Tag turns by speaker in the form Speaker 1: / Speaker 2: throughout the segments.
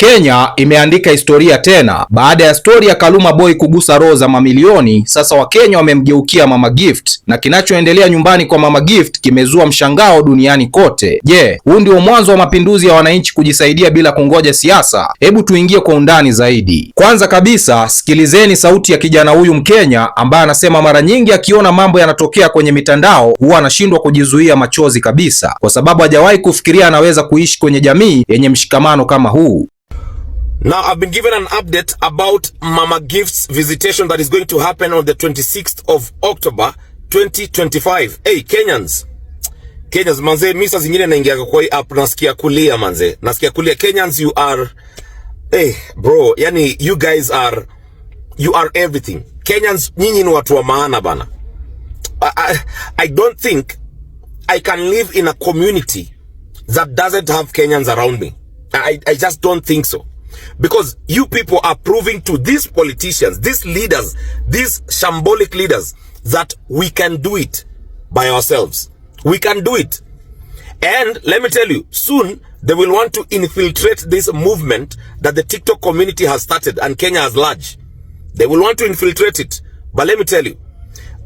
Speaker 1: Kenya imeandika historia tena baada ya stori ya Kaluma Boy kugusa roho za mamilioni. Sasa Wakenya wamemgeukia Mama Gift na kinachoendelea nyumbani kwa Mama Gift kimezua mshangao duniani kote. Je, yeah, huu ndio mwanzo wa mapinduzi ya wananchi kujisaidia bila kungoja siasa? Hebu tuingie kwa undani zaidi. Kwanza kabisa, sikilizeni sauti ya kijana huyu Mkenya ambaye anasema mara nyingi akiona mambo yanatokea kwenye mitandao huwa anashindwa kujizuia machozi kabisa, kwa sababu hajawahi kufikiria anaweza kuishi kwenye jamii yenye mshikamano kama huu.
Speaker 2: Now, I've been given an update about Mama Gift's visitation that is going to happen on the 26th of October 2025. Hey, Kenyans. Kenyans, manze, mimi saa zingine naingia kwa hii app nasikia kulia manze. Nasikia kulia. Kenyans, you are hey, bro, yani you guys are you are everything. Kenyans, nyinyi ni watu wa maana bana. I, I, I don't think I can live in a community that doesn't have Kenyans around me. I, I just don't think so because you people are proving to these politicians, these leaders, these shambolic leaders that we can do it by ourselves. We can do it. And let me tell you, soon they will want to infiltrate this movement that the TikTok community has started and Kenya has large. They will want to infiltrate it. But let me tell you,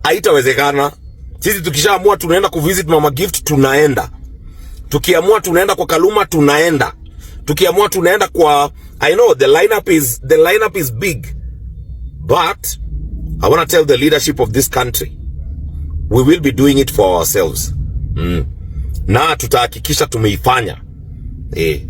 Speaker 2: haitawezekana. Sisi tukishaamua tunaenda kuvisit Mama Gift, tunaenda. Tukiamua tunaenda kwa Kaluma, tunaenda. Tukiamua tunaenda kwa I know the lineup is the lineup is big, but I want to tell the leadership of this country we will be doing it for ourselves mm. na tutahakikisha tumeifanya
Speaker 1: eh.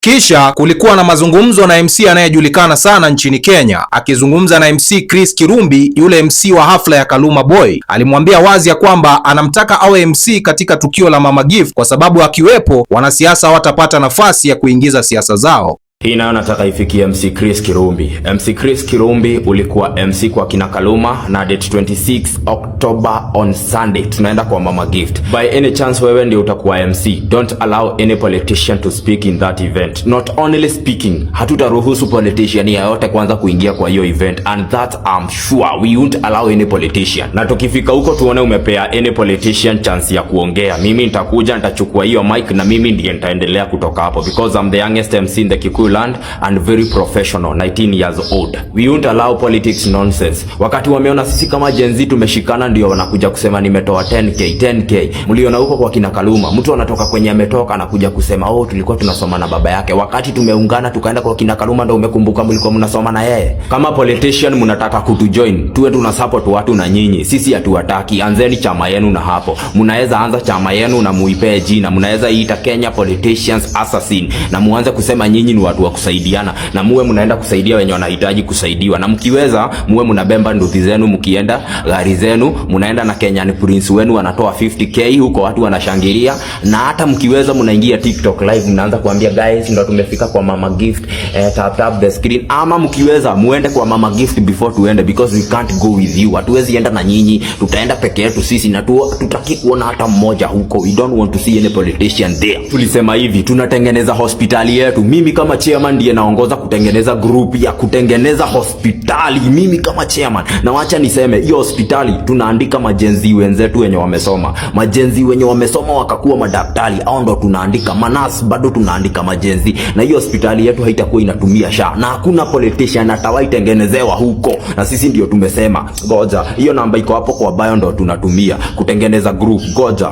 Speaker 1: Kisha kulikuwa na mazungumzo na MC anayejulikana sana nchini Kenya. Akizungumza na MC Chris Kirumbi, yule MC wa hafla ya Kaluma Boy, alimwambia wazi ya kwamba anamtaka awe MC katika tukio la Mama Gift kwa sababu akiwepo wanasiasa watapata nafasi ya kuingiza siasa zao.
Speaker 2: Hii nayo nataka ifikie MC Chris Kirumbi. MC Chris Kirumbi ulikuwa MC kwa kina Kaluma na date 26 October on Sunday tunaenda kwa Mama Gift. By any chance wewe ndio utakuwa MC. Don't allow any politician to speak in that event. Not only speaking, hatutaruhusu politician yeyote kwanza kuingia kwa hiyo event and that I'm sure we won't allow any politician. Na tukifika huko tuone umepea any politician chance ya kuongea. Mimi nitakuja nitachukua hiyo mic na mimi ndiye nitaendelea kutoka hapo because I'm the youngest MC in the Kikuyu we learned and very professional 19 years old. We won't allow politics nonsense. Wakati wameona sisi kama Gen Z tumeshikana, ndio wanakuja kusema nimetoa 10k 10k. Mliona huko kwa kina Kaluma, mtu anatoka kwenye ametoka anakuja kusema oh, tulikuwa tunasoma na baba yake. Wakati tumeungana tukaenda kwa kina Kaluma, ndio umekumbuka mlikuwa mnasoma na yeye. Kama politician mnataka kutujoin, tuwe tuna support watu na nyinyi, sisi hatuwataki. Anzeni chama yenu, na hapo mnaweza anza chama yenu na muipee jina, mnaweza iita Kenya Politicians Assassin na muanze kusema nyinyi ni watu watu wa kusaidiana, na muwe mnaenda kusaidia wenye wanahitaji kusaidiwa, na mkiweza muwe mnabemba nduthi zenu, mkienda gari zenu, mnaenda na Kenyan Prince wenu anatoa 50k huko, watu wanashangilia. Na hata mkiweza mnaingia TikTok live, mnaanza kuambia guys, ndo tumefika kwa mama gift, eh, tap tap the screen. Ama mkiweza muende kwa mama gift before tuende, because we can't go with you, hatuwezi enda na nyinyi, tutaenda peke yetu sisi, na tutaki kuona hata mmoja huko, we don't want to see any politician there. Tulisema hivi tunatengeneza hospitali yetu, mimi kama chief chairman ndiye naongoza kutengeneza group ya kutengeneza hospitali. Mimi kama chairman, na wacha niseme hiyo hospitali tunaandika majenzi wenzetu wenye wamesoma, majenzi wenye wamesoma wakakuwa madaktari, au ndo tunaandika manas, bado tunaandika majenzi, na hiyo hospitali yetu haitakuwa inatumia sha, na hakuna politician atawaitengenezewa huko, na sisi ndio tumesema goja. Hiyo namba iko hapo kwa bio, ndo tunatumia kutengeneza group. Goja.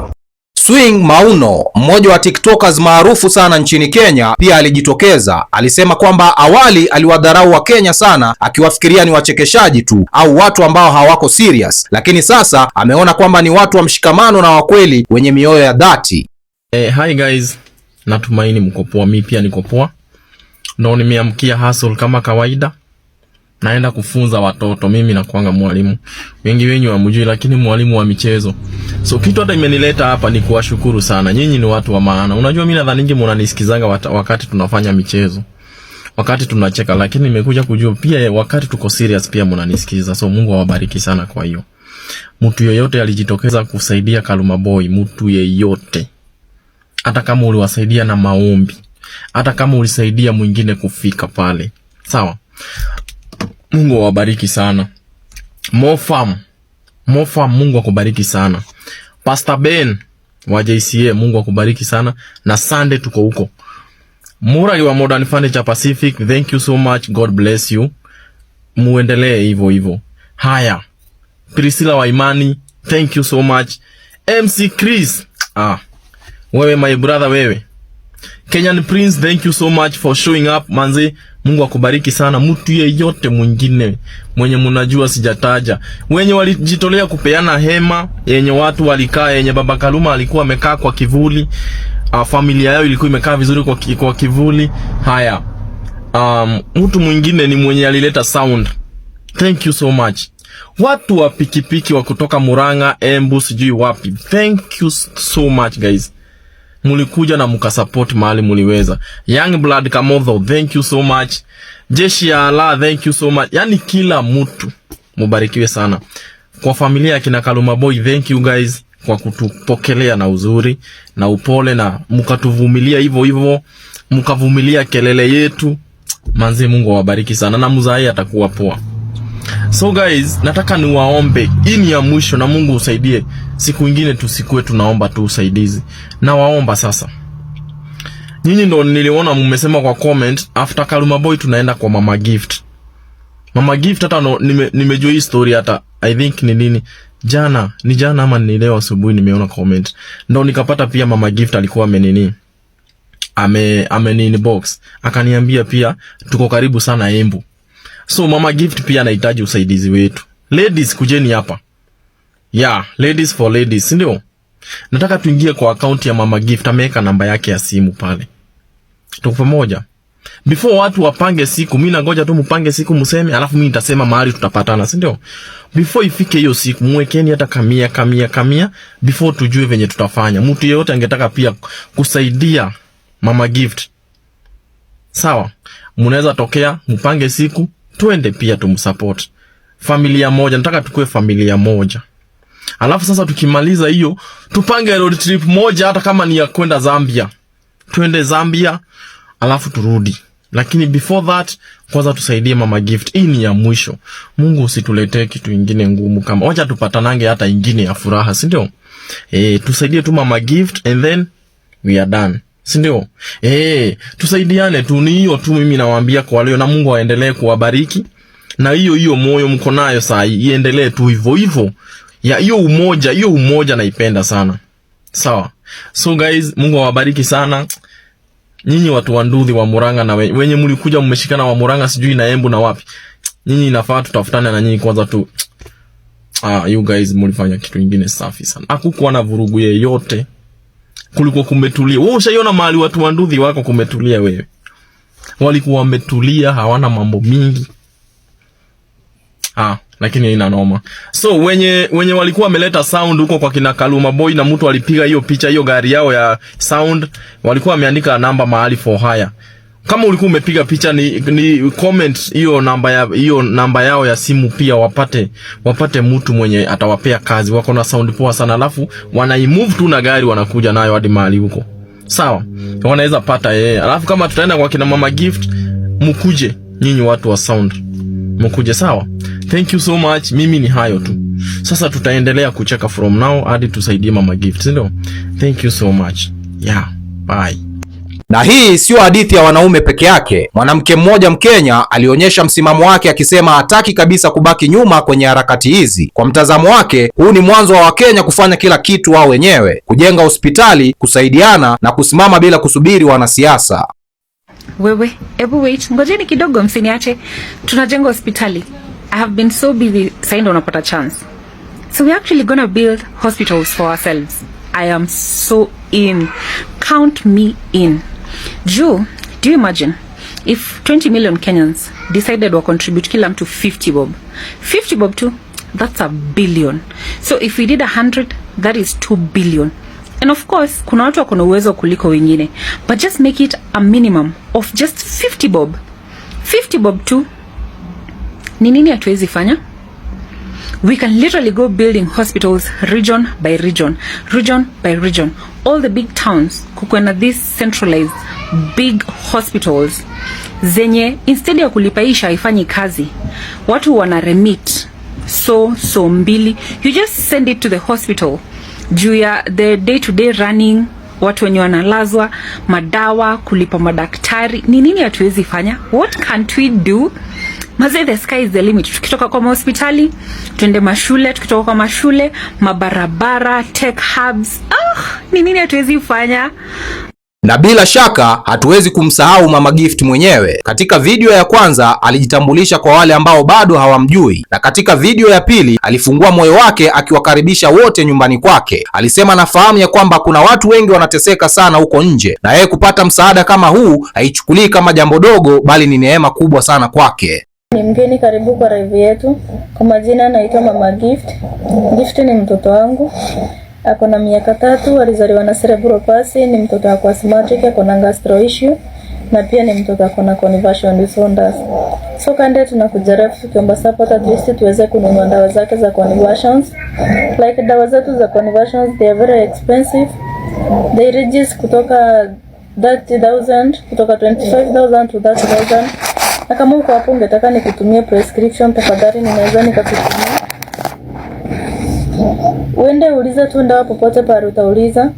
Speaker 1: Swing Mauno, mmoja wa TikTokers maarufu sana nchini Kenya, pia alijitokeza. Alisema kwamba awali aliwadharau wa kenya sana, akiwafikiria ni wachekeshaji tu au watu ambao hawako serious, lakini sasa ameona kwamba ni watu wa mshikamano na wakweli wenye mioyo ya dhati.
Speaker 3: Hey, eh, hi guys, natumaini mko poa. pia niko poa, nimeamkia hustle kama kawaida naenda kufunza watoto. Mimi na kuanga mwalimu, wengi wenyu hamjui, lakini mwalimu wa michezo. So kitu hata imenileta hapa ni kuwashukuru sana nyinyi, ni watu wa maana. Unajua, mimi nadhani ninge mnanisikizanga wakati tunafanya michezo, wakati tunacheka, lakini nimekuja kujua pia wakati tuko serious pia mnanisikiza. So Mungu awabariki sana. Kwa hiyo mtu yeyote alijitokeza kusaidia Kaluma Boy, mtu yeyote, hata kama uliwasaidia na maombi, hata kama ulisaidia mwingine kufika pale, sawa Mungu awabariki sana. Mofam, Mofam, Mungu akubariki sana. Pastor Ben wa JCA, Mungu akubariki sana. Na sande tuko huko. Murali wa Modern Furniture Pacific, thank you so much. God bless you. Muendelee hivo hivo Haya. Priscilla wa Imani, thank you so much. MC Chris, ah. Wewe my brother wewe. Kenyan Prince, thank you so much for showing up, manzi. Mungu akubariki sana. Mtu yeyote mwingine mwenye mnajua sijataja, wenye walijitolea kupeana hema yenye watu walikaa, yenye Baba Kaluma alikuwa amekaa kwa kivuli, uh, familia yao ilikuwa imekaa vizuri kwa, kwa kivuli. Haya, um, mtu mwingine ni mwenye alileta sound. Thank you so much watu wa pikipiki wa kutoka Muranga, Embu, sijui wapi. Thank you so much guys mulikuja na mukasupport mahali muliweza. Young Blood kamotho thank you so much. Jeshi ya Allah, thank you so much. Yani kila mtu mubarikiwe sana. Kwa familia ya kina Kaluma Boy, thank you guys kwa kutupokelea na uzuri na upole na mkatuvumilia hivyo hivyo, mukavumilia kelele yetu. Manzi, Mungu awabariki sana na muzai atakuwa poa. So guys, nataka niwaombe, hii ni ya mwisho na Mungu usaidie. Siku ingine tusikue tunaomba tu usaidizi. Nawaomba sasa. Nyinyi ndo niliona mmesema kwa comment, after Kaluma Boy tunaenda kwa Mama Gift. Mama Gift hata no, nime, nimejua hii story hata I think ni nini? Jana, ni jana ama ni leo asubuhi nimeona comment. Ndo nikapata pia Mama Gift alikuwa amenini. Ame amenini box. Akaniambia pia tuko karibu sana Embu. So Mama Gift pia anahitaji usaidizi wetu. Ladies, kujeni hapa. Yeah, ladies for ladies, ndio. Nataka tuingie kwa account ya Mama Gift, ameweka namba yake ya simu pale. Tuko pamoja. Before watu wapange siku, mimi nangoja tu mpange siku mseme, alafu mimi nitasema mahali tutapatana, si ndio? Before ifike hiyo siku, mwekeni hata kamia kamia kamia before tujue venye tutafanya. Mtu yeyote angetaka pia kusaidia Mama Gift. Sawa? Mnaweza tokea mpange siku twende pia tumsupport. Familia moja, nataka tukue familia moja. Alafu sasa tukimaliza hiyo, tupange road trip moja, hata kama ni ya kwenda Zambia, twende Zambia alafu turudi. Lakini before that, kwanza tusaidie mama Gift. Hii ni ya mwisho. Mungu usituletee kitu ingine ngumu kama, wacha tupatanange hata ingine ya furaha, si ndio? Eh, tusaidie tu mama Gift and then we are done si ndio? Eh, tusaidiane tu, ni hiyo tu, mimi nawaambia kwa leo, na Mungu aendelee kuwabariki na hiyo hiyo moyo mko nayo saa hii iendelee tu hivyo hivyo, ya hiyo umoja, hiyo umoja naipenda sana. Sawa, so guys, Mungu awabariki sana nyinyi watu wa Ndudhi wa Muranga na wenye, mlikuja mmeshikana wa Muranga sijui na Embu na wapi, nyinyi inafaa tutafutane na nyinyi kwanza tu. Ah, you guys mlifanya kitu kingine safi sana, hakukuwa na vurugu yeyote kulikuwa kumetulia. Wewe ushaiona mahali watu wa wako kumetulia? Wewe walikuwa wametulia, hawana mambo mingi ah, lakini ina noma. So wenye wenye walikuwa wameleta sound huko kwa kina Kaluma Boy na mtu alipiga hiyo picha hiyo gari yao ya sound, walikuwa wameandika namba mahali for hire kama ulikuwa umepiga picha ni, ni comment hiyo namba ya hiyo namba yao ya simu, pia wapate wapate mtu mwenye atawapea kazi. Wako na sound poa sana, alafu wanaimove tu na gari wanakuja nayo hadi mahali huko, sawa, wanaweza pata yeye. Eh, alafu kama tutaenda kwa kina mama gift, mkuje nyinyi watu wa sound, mkuje sawa. Thank you so much, mimi ni hayo tu. Sasa tutaendelea kucheka from now hadi tusaidie mama gift, ndio. Thank you so much, yeah, bye.
Speaker 1: Na hii sio hadithi ya wanaume peke yake. Mwanamke mmoja Mkenya alionyesha msimamo wake akisema hataki kabisa kubaki nyuma kwenye harakati hizi. Kwa mtazamo wake, huu ni mwanzo wa Wakenya kufanya kila kitu wao wenyewe, kujenga hospitali, kusaidiana na kusimama bila kusubiri wanasiasa.
Speaker 4: Wewe, hebu wait, ngojeni kidogo, msiniache. Tunajenga hospitali. I have been so busy, sasa ndo unapata chance. So we actually gonna build hospitals for ourselves. I am so in. Count me in juu do you imagine if 20 million Kenyans decided wa contribute kila mtu 50 bob 50 bob tu that's a billion so if we did 100 that is 2 billion and of course kuna watu wako na uwezo kuliko wengine but just make it a minimum of just 50 bob 50 bob tu ni nini hatuwezi fanya we can literally go building hospitals region by region region by region all the big towns kukwena these centralized big hospitals zenye instead ya kulipaisha ifanyi kazi watu wana remit so so mbili you just send it to the hospital juu ya the day to day running watu wenye wanalazwa madawa kulipa madaktari ni nini hatuwezi fanya what can't we do Mazee, the sky is the limit. Tukitoka kwa mahospitali tuende mashule, tukitoka kwa mashule mabarabara, tech hubs. Ah, ni nini hatuwezi kufanya?
Speaker 1: Na bila shaka hatuwezi kumsahau Mama Gift mwenyewe. Katika video ya kwanza alijitambulisha kwa wale ambao bado hawamjui, na katika video ya pili alifungua moyo wake akiwakaribisha wote nyumbani kwake. Alisema nafahamu ya kwamba kuna watu wengi wanateseka sana huko nje, na yeye kupata msaada kama huu haichukulii kama jambo dogo, bali ni neema kubwa sana kwake
Speaker 5: ni mgeni, karibu kwa live yetu. Kwa majina anaitwa Mama Gift. Gift ni mtoto wangu, ako na miaka tatu, alizaliwa na cerebral palsy, ni mtoto ako asthmatic, ako na gastro issue na pia ni mtoto ako na conversion disorders. So kande tunakuja refu tukiomba support at least tuweze kununua dawa zake za conversions. Like dawa zetu za conversions they are very expensive. They ranges kutoka 30000 kutoka 25000 to 30000 na kama uko hapo ungetaka nikutumie prescription, tafadhali ninaweza nikakutumia. Uende uliza tu ndawa popote pale utauliza.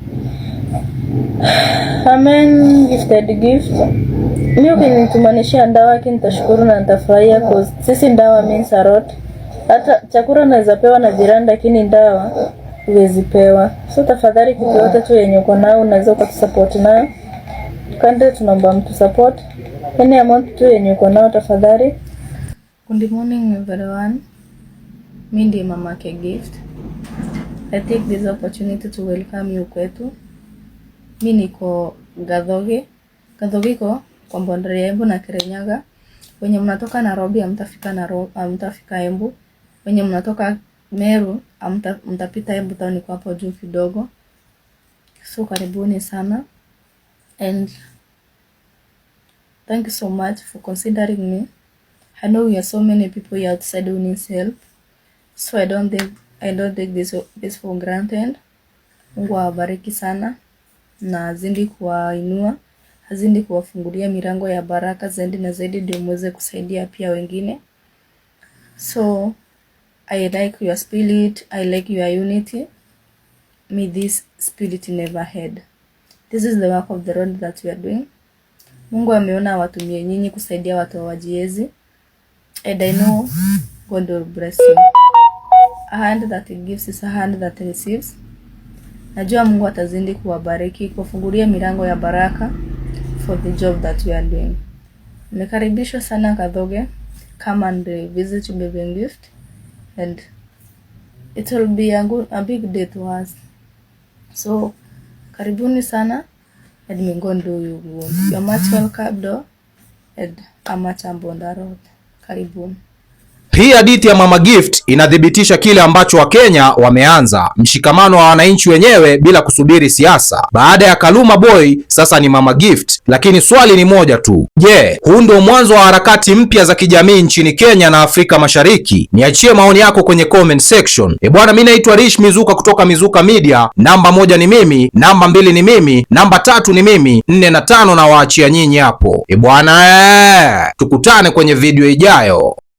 Speaker 5: Amen gifted gift. Mimi ukinitumanishia ndawa yake nitashukuru na nitafurahia cause sisi ndawa means a lot. Hata chakula naweza pewa na jirani lakini ndawa huwezi pewa. So tafadhali kitu yote tu yenye uko nayo unaweza ukatusupport nayo. Kande, tunaomba mtu support any amount tu yenye uko nao tafadhali.
Speaker 6: Good morning everyone. Mi ndiye mama yake Gift. I take this opportunity to welcome you kwetu. Mi niko Gathogi. Gathogi iko kwa boundary ya Embu na Kirinyaga. Wenye mnatoka Nairobi amtafika na amtafika Embu. Wenye mnatoka Meru amtapita Embu town, kwa hapo juu kidogo. So karibuni sana and thank you so much for considering me. I know we are so many people here outside who needs help, so I don't think I don't take this, this for granted. Mungu awabariki sana na azidi kuwainua, azidi kuwafungulia milango ya baraka zaidi na zaidi, ndio muweze kusaidia pia wengine. So I like your spirit, I like your unity. May this spirit never head This is the work of the road that we are doing. Mungu ameona awatumie nyinyi kusaidia watu wajiezi. And I know God will bless you. A hand that gives is a hand that receives. Najua Mungu atazidi kuwabariki, kuwafungulia milango ya baraka for the job that we are doing. Nimekaribishwa sana Kathoge. Come and visit Believe in Gift and it will be a good, a big day to us. So karibuni sana Edmin Gondoyo Wuon. Your much welcome to Amacha Mbondarod. Karibuni.
Speaker 1: Hii hadithi ya Mama Gift inathibitisha kile ambacho Wakenya wameanza, mshikamano wa wananchi wenyewe bila kusubiri siasa. Baada ya Kaluma Boy sasa ni Mama Gift, lakini swali ni moja tu. Je, yeah, huu ndio mwanzo wa harakati mpya za kijamii nchini Kenya na Afrika Mashariki? Niachie maoni yako kwenye comment section. E bwana, mimi naitwa Rish Mizuka kutoka Mizuka Media. Namba moja ni mimi, namba mbili ni mimi, namba tatu ni mimi, nne na tano na waachia nyinyi hapo. E bwana, tukutane kwenye video ijayo.